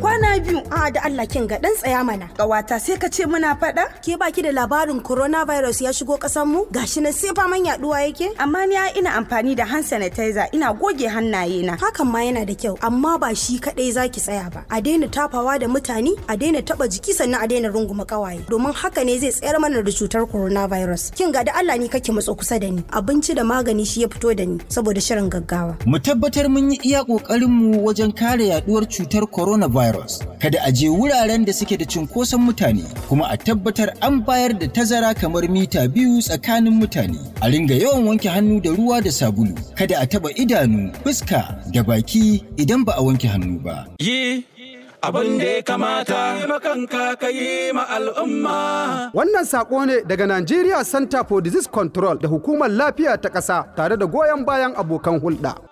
kwana biyu a da Allah kin ga dan tsaya mana kawata sai ka ce muna faɗa ke baki da labarin coronavirus ya shigo ƙasar mu gashi na sai faman yaduwa yake amma ni ina amfani da hand sanitizer ina goge hannaye na hakan ma yana da kyau amma ba shi kadai zaki tsaya ba a daina tafawa da mutane a daina taɓa jiki sannan a daina runguma ƙawaye. domin haka ne zai tsayar mana da cutar coronavirus kin ga da Allah ni kake matso kusa da ni abinci da magani shi ya fito da ni saboda shirin gaggawa mu tabbatar mun yi iya kokarin mu wajen kare yaduwar cutar coronavirus coronavirus. Kada a je wuraren da suke da cunkoson mutane kuma a tabbatar an bayar da tazara kamar mita biyu tsakanin mutane. A ringa yawan wanke hannu da ruwa da sabulu. Kada a taba idanu, fuska da baki idan ba a wanke hannu ba. Yi abin da ya kamata makanka ka yi ma al'umma. Wannan saƙo ne daga Nigeria Center for Disease Control da Hukumar Lafiya ta ƙasa tare da goyon bayan abokan hulɗa.